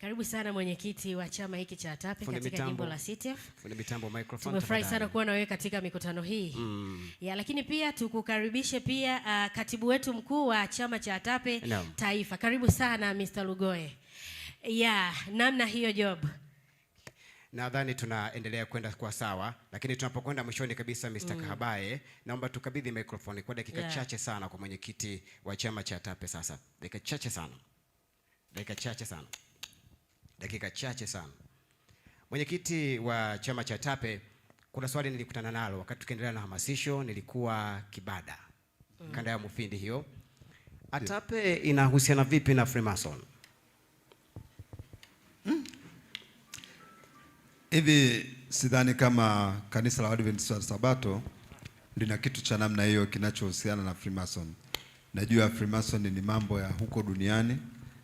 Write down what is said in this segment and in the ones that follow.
Karibu sana mwenyekiti wa chama hiki cha TAPI katika jimbo la CTF. Tumefurahi sana kuwa na wewe katika mikutano hii mm. ya, lakini pia tukukaribishe pia uh, katibu wetu mkuu wa chama cha TAPI no. taifa. Karibu sana Mr. Lugoe. Ya, namna hiyo job nadhani tunaendelea kwenda kwa sawa, lakini tunapokwenda mwishoni kabisa, Mr. mm. Kahabaye, naomba tukabidhi microphone kwa dakika yeah. chache sana kwa mwenyekiti wa chama cha TAPI. Sasa dakika chache sana, dakika chache sana dakika chache sana. Mwenyekiti wa chama cha TAPE, kuna swali nilikutana nalo wakati tukiendelea na hamasisho, nilikuwa Kibada mm. kanda ya Mufindi hiyo. ATAPE inahusiana vipi na Freemason? Hmm? Hivi mm. Sidhani kama kanisa la Waadventista wa Sabato lina kitu cha namna hiyo kinachohusiana na Freemason. Najua Freemason ni mambo ya huko duniani,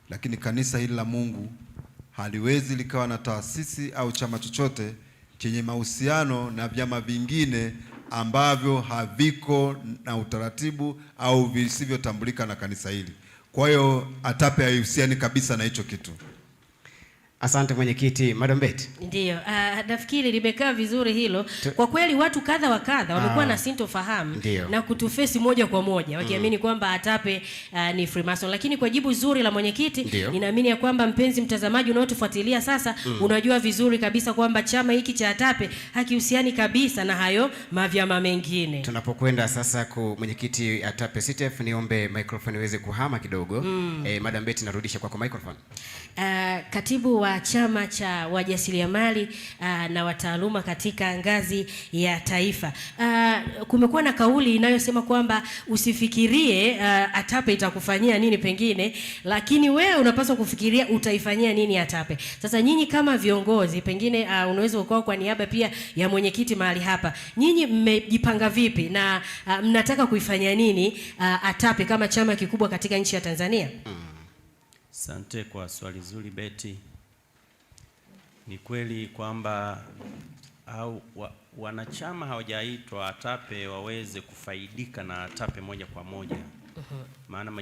lakini kanisa hili la Mungu haliwezi likawa na taasisi au chama chochote chenye mahusiano na vyama vingine ambavyo haviko na utaratibu au visivyotambulika na kanisa hili. Kwa hiyo ATAPE haihusiani kabisa na hicho kitu. Asante mwenyekiti, Madam Betty. Ndiyo, uh, nafikiri limekaa vizuri hilo. Kwa kweli watu kadha wa kadha wamekuwa ah, na sintofahamu na kutufesi moja kwa moja wakiamini mm, kwamba Atape uh, ni Freemason, lakini kwa jibu zuri la mwenyekiti, ninaamini ya kwamba mpenzi mtazamaji unaotufuatilia sasa mm, unajua vizuri kabisa kwamba chama hiki cha Atape hakihusiani kabisa na hayo mavyama mengine. Tunapokwenda sasa ku mwenyekiti Atape CTF, niombe microphone iweze kuhama kidogo mm. Eh, Madam Betty narudisha kwako microphone. Uh, katibu wa chama cha wajasiriamali ah, na wataaluma katika ngazi ya taifa. Uh, kumekuwa na kauli inayosema kwamba usifikirie uh, ATAPE itakufanyia nini pengine, lakini wewe unapaswa kufikiria utaifanyia nini ATAPE. Sasa nyinyi kama viongozi pengine, uh, unaweza ukawa kwa niaba pia ya mwenyekiti mahali hapa, nyinyi mmejipanga vipi na uh, mnataka kuifanyia nini uh, ATAPE kama chama kikubwa katika nchi ya Tanzania? Hmm. Asante kwa swali zuri Beti. Ni kweli kwamba au wa, wanachama hawajaitwa ATAPE waweze kufaidika na ATAPE moja kwa moja, uh-huh. maana uh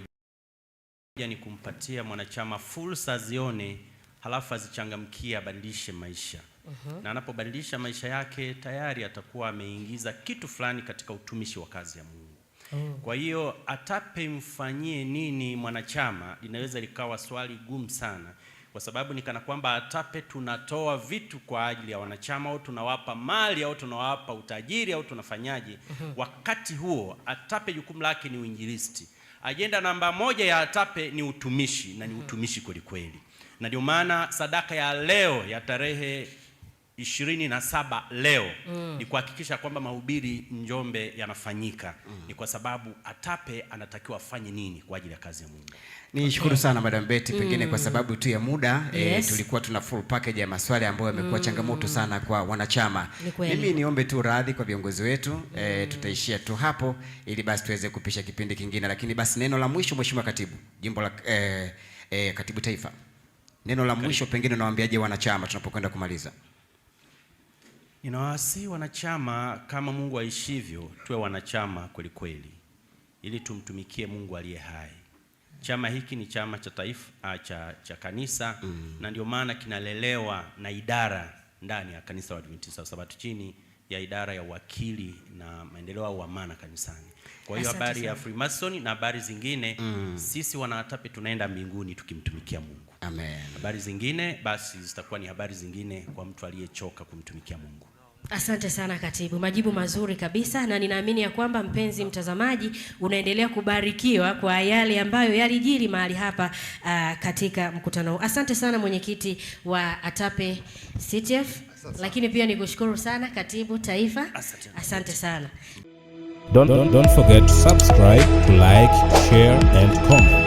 Moja ni kumpatia mwanachama fursa azione, halafu azichangamkie, abadilishe maisha uh -huh. Na anapobadilisha maisha yake tayari atakuwa ameingiza kitu fulani katika utumishi wa kazi ya Mungu. Mm. Kwa hiyo ATAPE mfanyie nini mwanachama, linaweza likawa swali gumu sana kwa sababu nikana kwamba ATAPE tunatoa vitu kwa ajili ya wanachama au tunawapa mali au tunawapa utajiri au tunafanyaje? Mhm. Wakati huo ATAPE jukumu lake ni uinjilisti. Ajenda namba moja ya ATAPE ni utumishi na ni mhm. utumishi kwelikweli, na ndio maana sadaka ya leo ya tarehe ishirini na saba leo mm. ni kuhakikisha kwamba mahubiri Njombe yanafanyika mm. ni kwa sababu ATAPE anatakiwa afanye nini kwa ajili ya kazi ya Mungu. Nishukuru okay. sana Madam Betty, pengine mm. kwa sababu tu ya muda eh, yes. e, tulikuwa tuna full package ya maswali ambayo yamekuwa mm. changamoto sana kwa wanachama. Mimi niombe tu radhi kwa viongozi wetu mm. e, tutaishia tu hapo ili basi tuweze kupisha kipindi kingine, lakini basi neno la mwisho, Mheshimiwa Katibu Jimbo la e, e, Katibu Taifa, neno la mwisho pengine unawaambiaje wanachama tunapokwenda kumaliza? Ninawasihi wanachama, kama Mungu aishivyo, tuwe wanachama kwelikweli, ili tumtumikie Mungu aliye hai. Chama hiki ni chama cha taifa, ah, cha, cha kanisa mm. na ndio maana kinalelewa na idara ndani ya kanisa wa Waadventista wa Sabato chini ya idara ya uwakili na maendeleo au amana kanisani. Kwa hiyo habari ya Freemason na habari zingine mm. sisi wanawatape tunaenda mbinguni tukimtumikia Mungu. Amen. Habari zingine basi zitakuwa ni habari zingine kwa mtu aliyechoka kumtumikia Mungu. Asante sana katibu, majibu mazuri kabisa, na ninaamini ya kwamba mpenzi mtazamaji unaendelea kubarikiwa kwa yale ambayo yalijiri mahali hapa uh, katika mkutano huu. Asante sana mwenyekiti wa ATAPE CTF, lakini pia nikushukuru sana katibu taifa, asante, asante sana. Don't, don't, don't forget to subscribe, to like, share and comment.